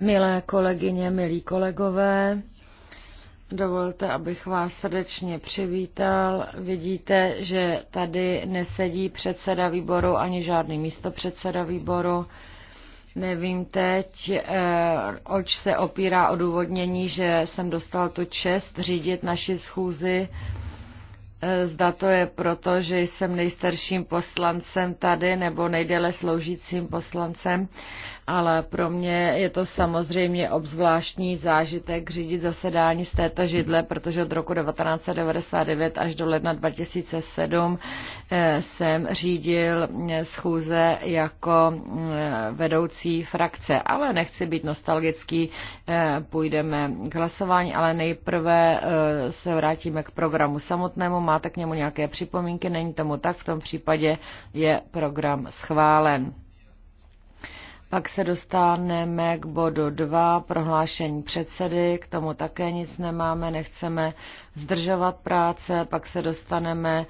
Milé kolegyně, milí kolegové, dovolte, abych vás srdečně přivítal. Vidíte, že tady nesedí předseda výboru ani žádný místopředseda výboru. Nevím teď, eh, oč se opírá o důvodnění, že jsem dostal tu čest řídit naši schůzi. Eh, zda to je proto, že jsem nejstarším poslancem tady nebo nejdéle sloužícím poslancem ale pro mě je to samozřejmě obzvláštní zážitek řídit zasedání z této židle, protože od roku 1999 až do ledna 2007 eh, jsem řídil eh, schůze jako eh, vedoucí frakce, ale nechci být nostalgický, půjdeme k hlasování, ale nejprve se vrátíme k programu samotnému. Máte k němu nějaké připomínky? Není tomu tak, v tom případě je program schválen. Pak se dostaneme k bodu 2, prohlášení předsedy, k tomu také nic nemáme, nechceme zdržovat práce, pak se dostaneme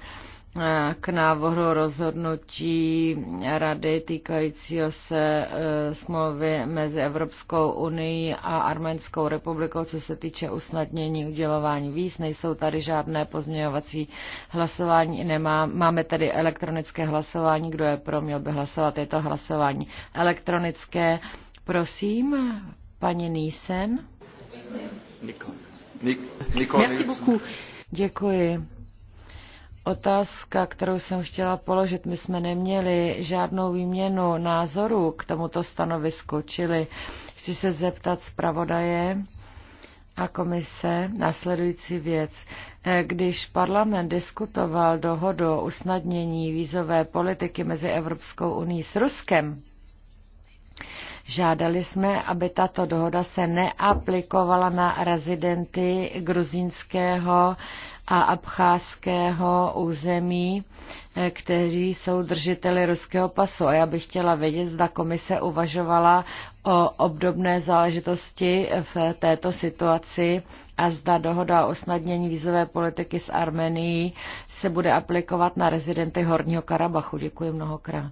k návrhu rozhodnutí rady týkajícího se eh, smlouvy mezi Evropskou unii a Arménskou republikou, co se týče usnadnění udělování víz. Nejsou tady žádné pozměňovací hlasování. Nemá, máme tady elektronické hlasování. Kdo je pro, měl by hlasovat. Je to hlasování elektronické. Prosím, paní Nísen. Nikon. Nik- Děkuji. Otázka, kterou jsem chtěla položit, my jsme neměli žádnou výměnu názorů k tomuto stanovisku, čili chci se zeptat zpravodaje a komise následující věc. Eh, když parlament diskutoval dohodu o usnadnění vízové politiky mezi Evropskou uní s Ruskem, Žádali jsme, aby tato dohoda se neaplikovala na rezidenty gruzínského a abcházského území, eh, kteří jsou držiteli ruského pasu. A já bych chtěla vědět, zda komise uvažovala o obdobné záležitosti v této situaci a zda dohoda o usnadnění vízové politiky s Armenií se bude aplikovat na rezidenty Horního Karabachu. Děkuji mnohokrát.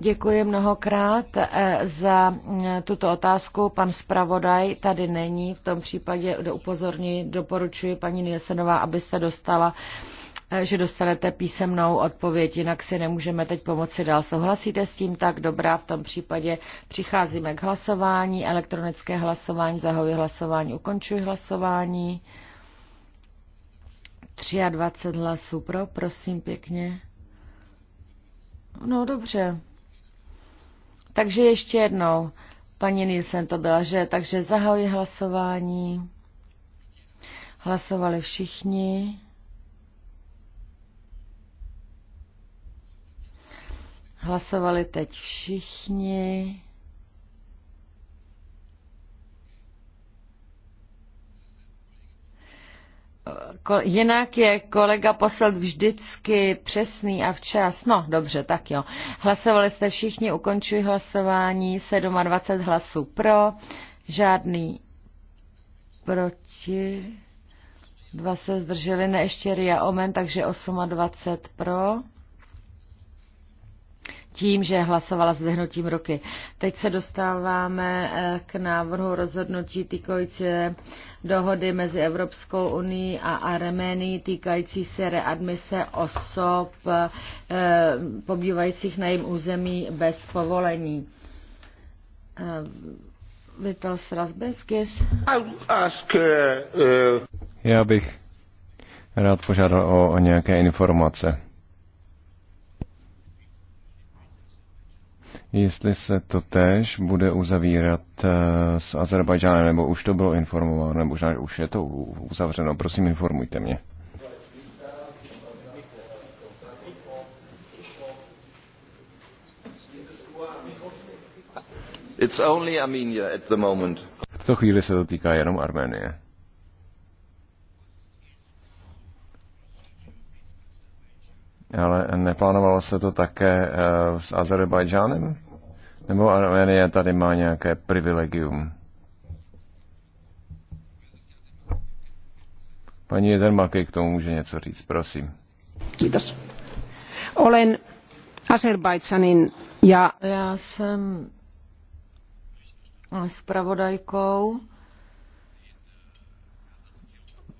Děkuji mnohokrát eh, za eh, tuto otázku. Pan zpravodaj tady není. V tom případě upozorňuji, doporučuji paní Nielsenová, abyste dostala eh, že dostanete písemnou odpověď, jinak si nemůžeme teď pomoci dál. Souhlasíte s tím? Tak dobrá, v tom případě přicházíme k hlasování, elektronické hlasování, zahoji hlasování, ukončuji hlasování. 23 hlasů pro, prosím pěkně. No dobře. Takže ještě jednou, paní Nielsen to byla, že? Takže zahajuji hlasování. Hlasovali všichni. Hlasovali teď všichni. Jinak je kolega posel vždycky přesný a včas. No, dobře, tak jo. Hlasovali jste všichni, ukončuji hlasování. 27 hlasů pro, žádný proti. Dva se zdrželi, ne ještě Ria Omen, takže 28 pro tím, že hlasovala s vyhnutím ruky. Teď se dostáváme eh, k návrhu rozhodnutí týkající dohody mezi Evropskou unii a Arménií týkající se readmise osob eh, pobývajících na jejím území bez povolení. Eh, Já bych rád požádal o nějaké informace jestli se to tež bude uzavírat eh, s Azerbajdžánem, nebo už to bylo informováno, nebo možná už je to uzavřeno. Prosím, informujte mě. It's only Armenia at the moment. V tuto chvíli se to týká jenom Arménie. Ale neplánovalo se to také eh, s Azerbajdžánem? Nebo Arménie tady má nějaké privilegium? Paní Jedermaky k tomu může něco říct, prosím. Kýtos. Olen Azerbajdžanin já. Já jsem zpravodajkou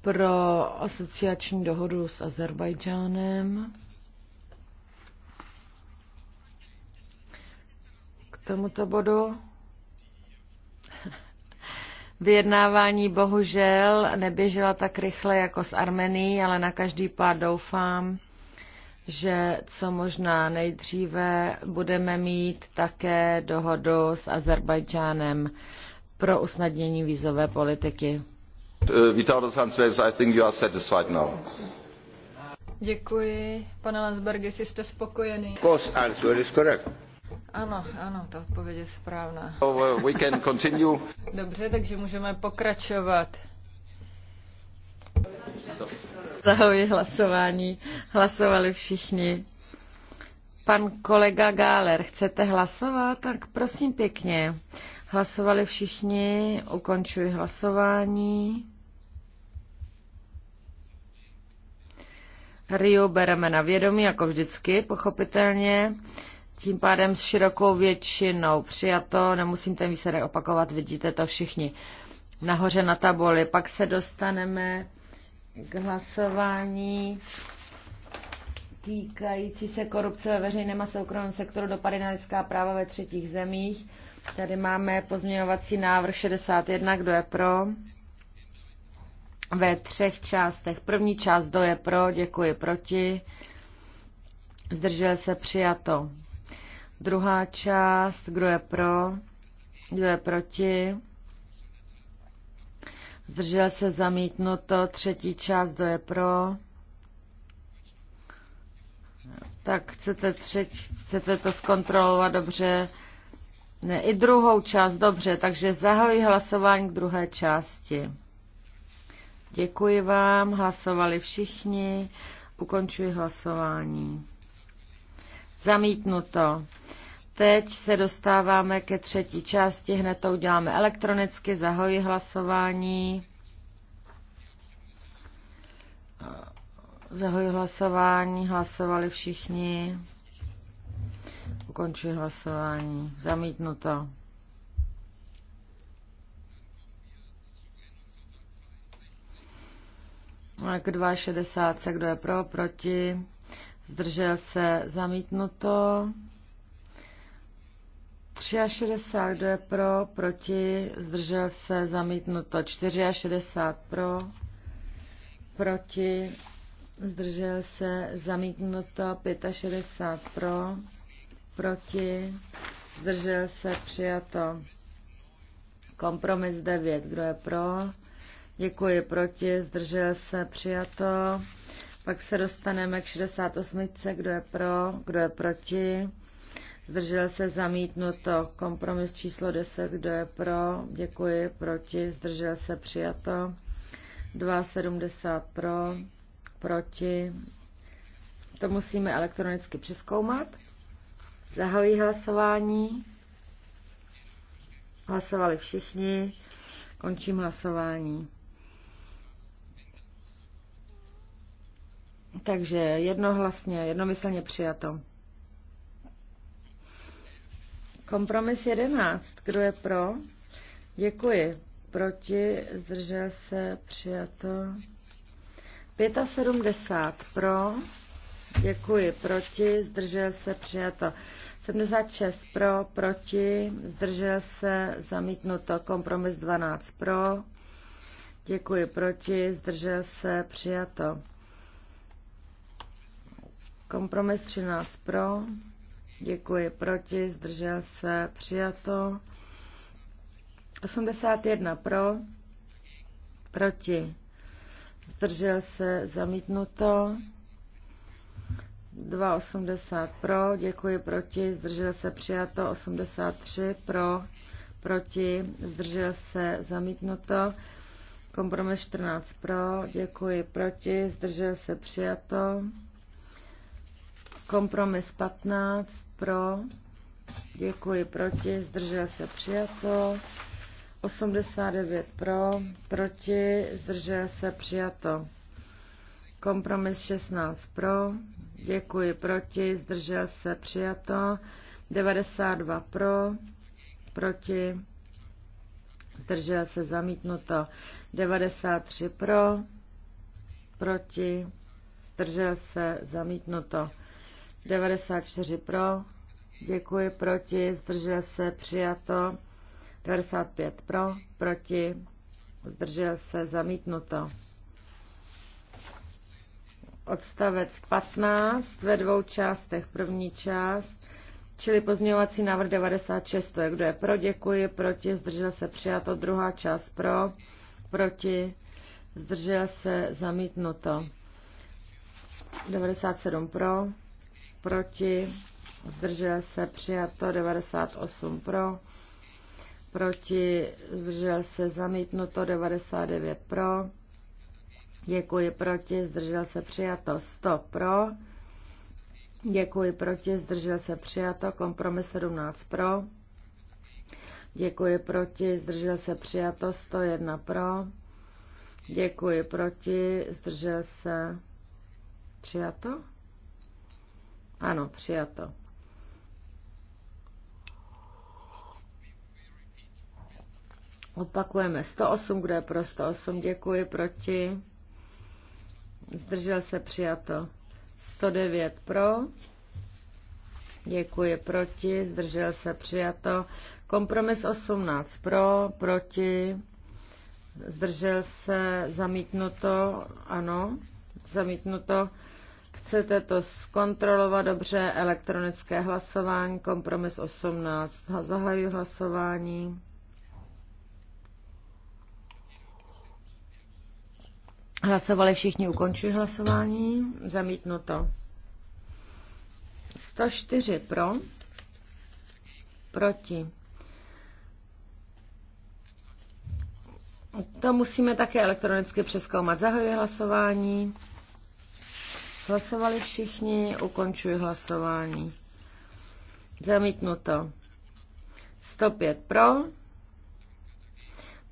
pro asociační dohodu s Azerbajdžánem. tomuto bodu. Vyjednávání bohužel neběžela tak rychle jako s Armenií, ale na každý pád doufám, že co možná nejdříve budeme mít také dohodu s Azerbajdžánem pro usnadnění vízové politiky. Eh, Děkuji, pane Landsbergi, jste spokojený. Course answer is correct. Ano, ano, ta odpověď je správná. So, uh, we can continue. Dobře, takže můžeme pokračovat. Zahoji hlasování. Hlasovali všichni. Pan kolega Gáler, chcete hlasovat? Tak prosím pěkně. Hlasovali všichni, ukončuji hlasování. Rio bereme na vědomí, jako vždycky, pochopitelně tím pádem s širokou většinou přijato, nemusím ten výsledek opakovat, vidíte to všichni nahoře na tabuli. Pak se dostaneme k hlasování týkající se korupce ve veřejném a soukromém sektoru dopady na lidská práva ve třetích zemích. Tady máme pozměňovací návrh 61, kdo je pro? Ve třech částech. První část, kdo je pro, děkuji, proti. Zdržel se přijato. Druhá část, kdo je pro, kdo je proti. Zdržel se zamítnuto. Třetí část, kdo je pro. Tak chcete, třetí, chcete to zkontrolovat dobře. Ne, i druhou část, dobře, takže zahajuji hlasování k druhé části. Děkuji vám, hlasovali všichni, ukončuji hlasování. Zamítnuto. Teď se dostáváme ke třetí části, hned to uděláme elektronicky, zahoji hlasování. Zahoji hlasování, hlasovali všichni. Ukončuji hlasování. Zamítnuto. K 2,60, kdo je pro, proti? zdržel se, zamítnuto. 63, kdo je pro, proti, zdržel se, zamítnuto. 64 pro, proti, zdržel se, zamítnuto. 65 pro, proti, zdržel se, přijato. Kompromis 9, kdo je pro, děkuji, proti, zdržel se, přijato. Pak se dostaneme k 68. Kdo je pro, kdo je proti? Zdržel se zamítnuto. Kompromis číslo 10. Kdo je pro? Děkuji. Proti? Zdržel se přijato. 2,70 pro. Proti? To musíme elektronicky přeskoumat. Zahojí hlasování. Hlasovali všichni. Končím hlasování. Takže jednohlasně, jednomyslně přijato. Kompromis 11. Kdo je pro? Děkuji. Proti? Zdržel se? Přijato. 75 pro. Děkuji. Proti? Zdržel se? Přijato. 76 pro, proti, zdržel se, zamítnuto, kompromis 12 pro, děkuji, proti, zdržel se, přijato. Kompromis 13 pro, děkuji proti, zdržel se, přijato. 81 pro, proti, zdržel se, zamítnuto. 2,80 pro, děkuji proti, zdržel se přijato, 83 pro, proti, zdržel se zamítnuto, kompromis 14 pro, děkuji proti, zdržel se přijato. Kompromis 15 pro, děkuji proti, zdržel se přijato. 89 pro, proti, zdržel se přijato. Kompromis 16 pro, děkuji proti, zdržel se přijato. 92 pro, proti, zdržel se zamítnuto. 93 pro, proti, zdržel se zamítnuto. 94 pro, děkuji, proti, zdržel se, přijato. 95 pro, proti, zdržel se, zamítnuto. Odstavec 15 ve dvou částech. První část, čili pozměňovací návrh 96, to je kdo je pro, děkuji, proti, zdržel se, přijato. Druhá část pro, proti, zdržel se, zamítnuto. 97 pro, proti, zdržel se přijato 98 pro, proti, zdržel se zamítnuto 99 pro, děkuji proti, zdržel se přijato 100 pro, děkuji proti, zdržel se přijato kompromis 17 pro, děkuji proti, zdržel se přijato 101 pro, děkuji proti, zdržel se přijato ano, přijato. Opakujeme 108, kdo je pro 108, děkuji, proti. Zdržel se přijato. 109 pro. Děkuji, proti. Zdržel se přijato. Kompromis 18 pro, proti. Zdržel se zamítnuto, ano, zamítnuto. Chcete to zkontrolovat dobře, elektronické hlasování, kompromis 18. Zahajuji hlasování. Hlasovali všichni, ukončuji hlasování. Zamítnuto. 104 pro, proti. To musíme také elektronicky přeskoumat. Zahajuji hlasování. Hlasovali všichni, ukončuji hlasování. Zamítnuto. 105 pro,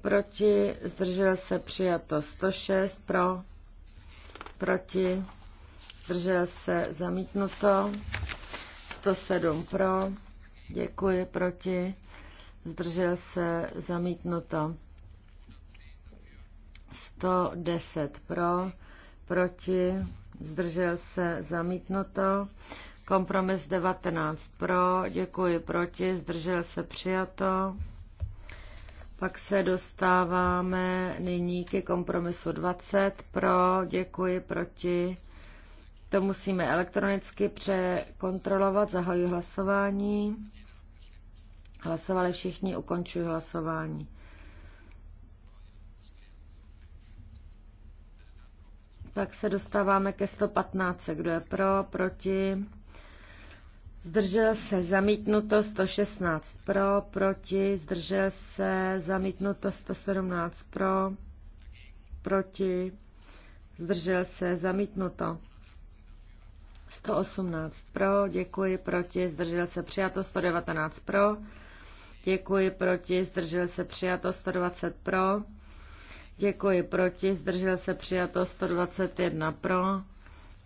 proti, zdržel se přijato 106 pro, proti, zdržel se zamítnuto, 107 pro, děkuji, proti, zdržel se zamítnuto, 110 pro, proti, zdržel se, zamítnuto. Kompromis 19 pro, děkuji proti, zdržel se, přijato. Pak se dostáváme nyní ke kompromisu 20 pro, děkuji proti. To musíme elektronicky překontrolovat, zahajuji hlasování. Hlasovali všichni, ukončuji hlasování. Tak se dostáváme ke 115. Kdo je pro, proti? Zdržel se zamítnuto 116 pro, proti, zdržel se zamítnuto 117 pro, proti, zdržel se zamítnuto 118 pro, děkuji, proti, zdržel se přijato 119 pro, děkuji, proti, zdržel se přijato 120 pro, Děkuji proti, zdržel se přijato 121 pro.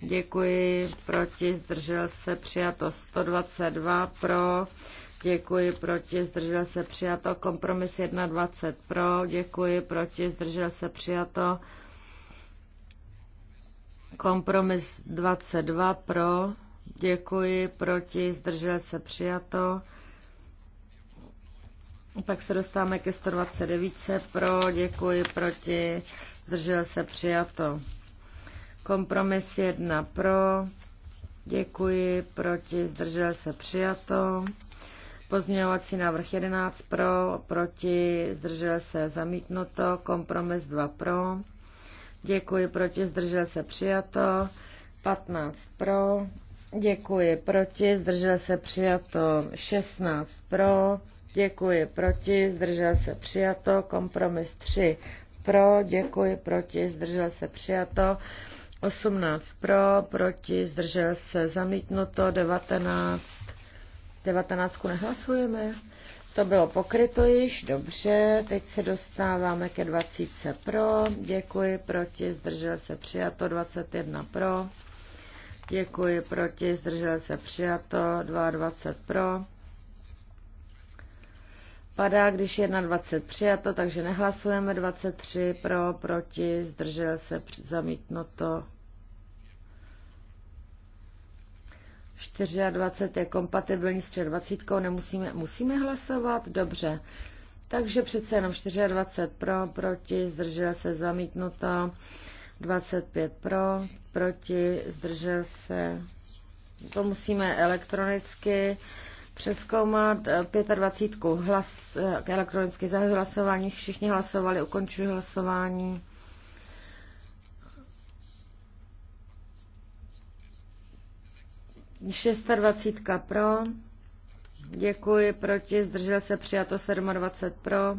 Děkuji proti, zdržel se přijato 122 pro. Děkuji proti, zdržel se přijato kompromis 21 pro. Děkuji proti, zdržel se přijato kompromis 22 pro. Děkuji proti, zdržel se přijato. Pak se dostáváme ke 129. Pro, děkuji, proti, zdržel se, přijato. Kompromis 1 pro, děkuji, proti, zdržel se, přijato. Pozměňovací návrh 11 pro, proti, zdržel se, zamítnuto. Kompromis 2 pro, děkuji, proti, zdržel se, přijato. 15 pro, děkuji, proti, zdržel se, přijato. 16 pro, Děkuji proti, zdržel se přijato. Kompromis 3 pro, děkuji proti, zdržel se přijato. 18 pro, proti, zdržel se zamítnuto. 19, 19 nehlasujeme. To bylo pokryto již, dobře, teď se dostáváme ke 20 pro, děkuji, proti, zdržel se přijato, 21 pro, děkuji, proti, zdržel se přijato, 22 pro, Padá, když je na 20 přijato, takže nehlasujeme 23 pro, proti, zdržel se, zamítnuto. 24 je kompatibilní s 23, nemusíme, musíme hlasovat? Dobře. Takže přece jenom 24 pro, proti, zdržel se, zamítnuto. 25 pro, proti, zdržel se. To musíme elektronicky přeskoumat 25. Eh, hlas, eh, elektronicky zahajuji hlasování, všichni hlasovali, ukončuji hlasování. Šestadvacítka pro, děkuji proti, zdržel se přijato 27 pro,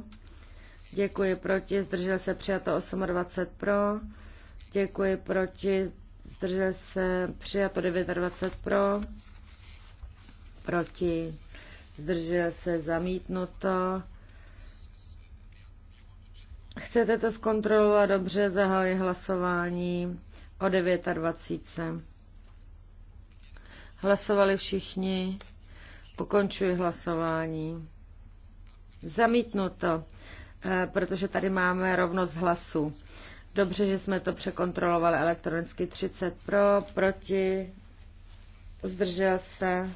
děkuji proti, zdržel se přijato 28 pro, děkuji proti, zdržel se přijato 29 pro proti, zdržel se, zamítnuto. Chcete to zkontrolovat dobře, zahájí hlasování o 29. Hlasovali všichni, ukončuji hlasování. Zamítnuto, eh, protože tady máme rovnost hlasů. Dobře, že jsme to překontrolovali elektronicky 30 pro, proti, zdržel se,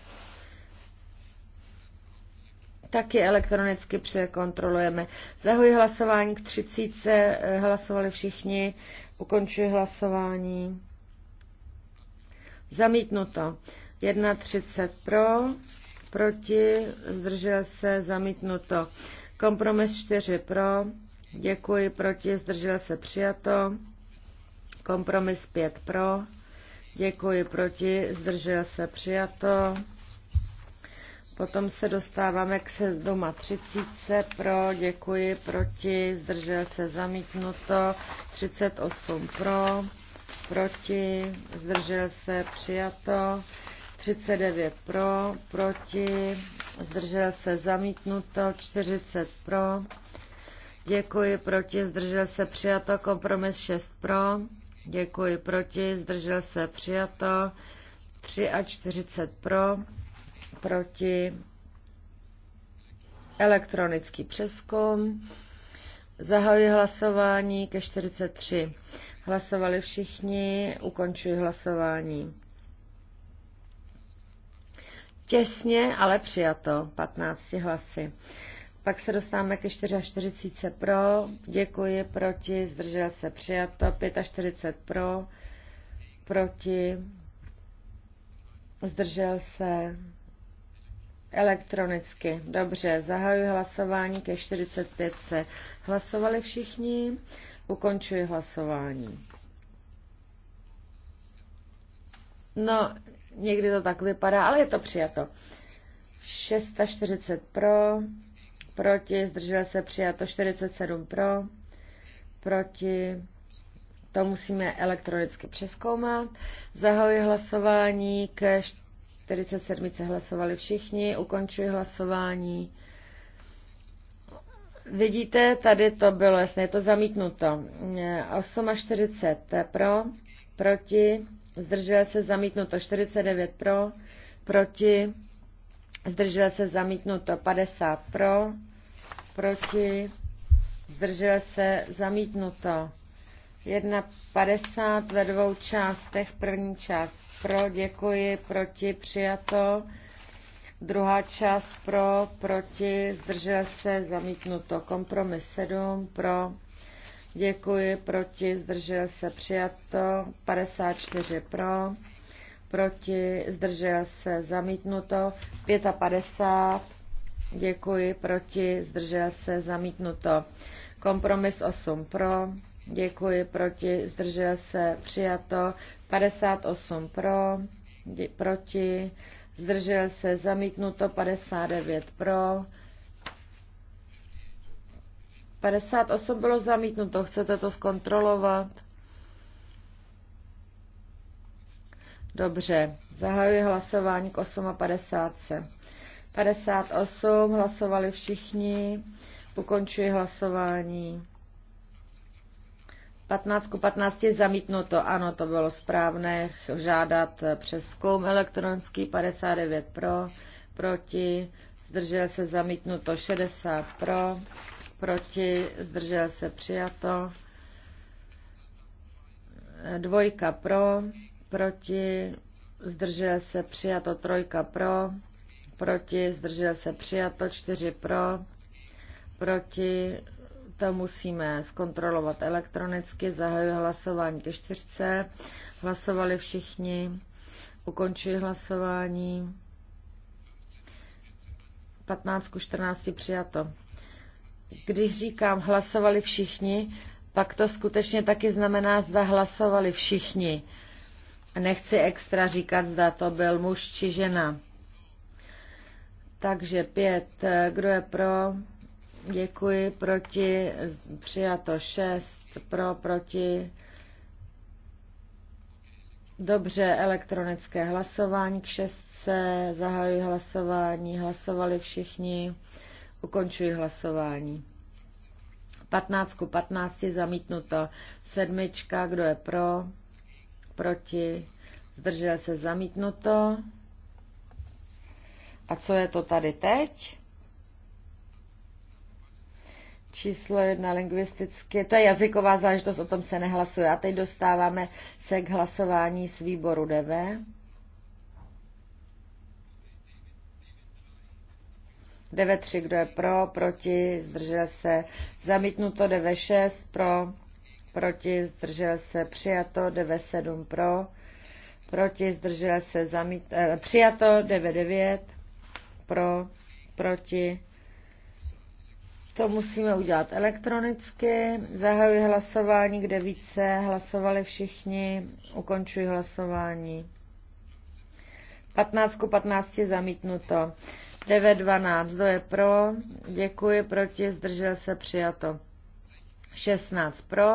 taky elektronicky překontrolujeme. Zahoji hlasování k 30, eh, hlasovali všichni, ukončuji hlasování. Zamítnuto. 1,30 pro, proti, zdržel se, zamítnuto. Kompromis 4 pro, děkuji, proti, zdržel se, přijato. Kompromis 5 pro, děkuji, proti, zdržel se, přijato. Potom se dostáváme k sezdoma matřicíce pro, děkuji, proti, zdržel se zamítnuto, 38 pro, proti, zdržel se přijato, 39 pro, proti, zdržel se zamítnuto, 40 pro, děkuji, proti, zdržel se přijato, kompromis 6 pro, děkuji, proti, zdržel se přijato, 43 pro, proti, elektronický přeskum, zahajuji hlasování ke 43. Hlasovali všichni, ukončuji hlasování. Těsně, ale přijato, 15 hlasy. Pak se dostáváme ke 44 pro, děkuji, proti, zdržel se, přijato, 45 pro, proti, zdržel se, Elektronicky. Dobře, zahajuji hlasování ke 45. Se hlasovali všichni, ukončuji hlasování. No, někdy to tak vypadá, ale je to přijato. 640 pro, proti, zdržel se přijato 47 pro, proti, to musíme elektronicky přeskoumat. Zahajuji hlasování ke 47 hlasovali všichni, ukončuji hlasování. Vidíte, tady to bylo jasné, je to zamítnuto. 48 pro, proti, zdržel se zamítnuto 49 pro, proti, zdržel se zamítnuto 50 pro, proti, zdržel se zamítnuto 1,50 ve dvou částech. První část pro, děkuji, proti, přijato. Druhá část pro, proti, zdržel se, zamítnuto. Kompromis 7 pro, děkuji, proti, zdržel se, přijato. 54 pro, proti, zdržel se, zamítnuto. 55 Děkuji, proti, zdržel se, zamítnuto. Kompromis 8 pro, Děkuji proti, zdržel se, přijato. 58 pro, dě, proti, zdržel se, zamítnuto. 59 pro. 58 bylo zamítnuto, chcete to zkontrolovat? Dobře, zahajuji hlasování k 58. 58 hlasovali všichni, ukončuji hlasování. 15 k 15 zamítnuto. Ano, to bylo správné. Žádat přeskoum elektronický 59 pro, proti, zdržel se zamítnuto 60 pro, proti, zdržel se přijato. Dvojka pro, proti, zdržel se přijato trojka pro, proti, zdržel se přijato čtyři pro, proti, to musíme zkontrolovat elektronicky. Zahajuji hlasování ke čtyřce. Hlasovali všichni. Ukončuji hlasování. 15 ku 14 přijato. Když říkám hlasovali všichni, pak to skutečně taky znamená, zda hlasovali všichni. Nechci extra říkat, zda to byl muž či žena. Takže pět, kdo je pro? Děkuji proti, přijato 6, pro, proti. Dobře, elektronické hlasování k 6. Zahajuji hlasování, hlasovali všichni, ukončuji hlasování. 15 ku 15 zamítnuto. Sedmička, kdo je pro? Proti? Zdržel se zamítnuto. A co je to tady teď? číslo jedna lingvisticky, to je jazyková záležitost, o tom se nehlasuje. A teď dostáváme se k hlasování z výboru DV. DV3, kdo je pro, proti, zdržel se, zamítnuto DV6, pro, proti, zdržel se, přijato, DV7 pro, proti, zdržel se, zamít, eh, přijato, DV9, pro, proti, to musíme udělat elektronicky. Zahajuji hlasování, kde více hlasovali všichni. Ukončuji hlasování. 15 ku 15 je zamítnuto. 9, 12, kdo je pro? Děkuji, proti, zdržel se, přijato. 16 pro.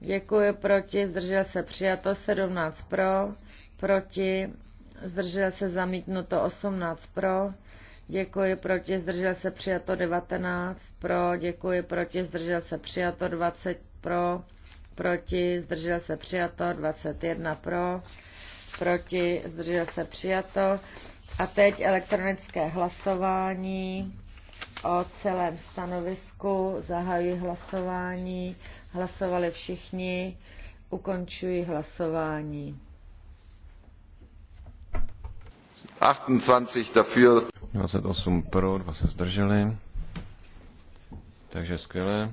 Děkuji, proti, zdržel se, přijato. 17 pro, proti, zdržel se, zamítnuto. 18 pro, Děkuji proti, zdržel se přijato 19 pro, děkuji proti, zdržel se přijato 20 pro, proti, zdržel se přijato 21 pro, proti, zdržel se přijato. A teď elektronické hlasování o celém stanovisku. Zahajuji hlasování. Hlasovali všichni. Ukončuji hlasování. 28 dafür. 28 pro, 2 se zdrželi. Takže skvělé.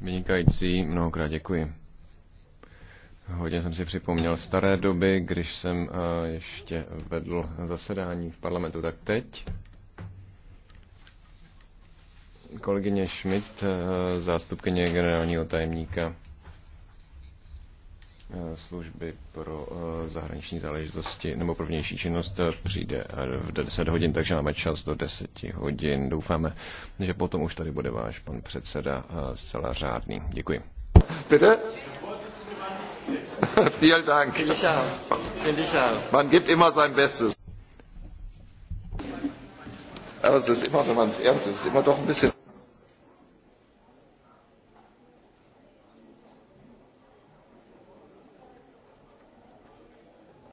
Vynikající, mnohokrát děkuji. Hodně jsem si připomněl staré doby, když jsem eh, ještě vedl zasedání v parlamentu, tak teď. Kolegyně Schmidt, eh, zástupkyně generálního tajemníka služby pro eh, zahraniční záležitosti nebo pro vnější činnost eh, přijde eh, v 10 hodin, takže máme čas do 10 hodin. Doufáme, že potom už tady bude váš pan předseda zcela řádný. Děkuji. Bitte? Vielen Dank. Man gibt immer sein Bestes. Aber es ist immer, wenn man es ernst ist, immer doch ein bisschen.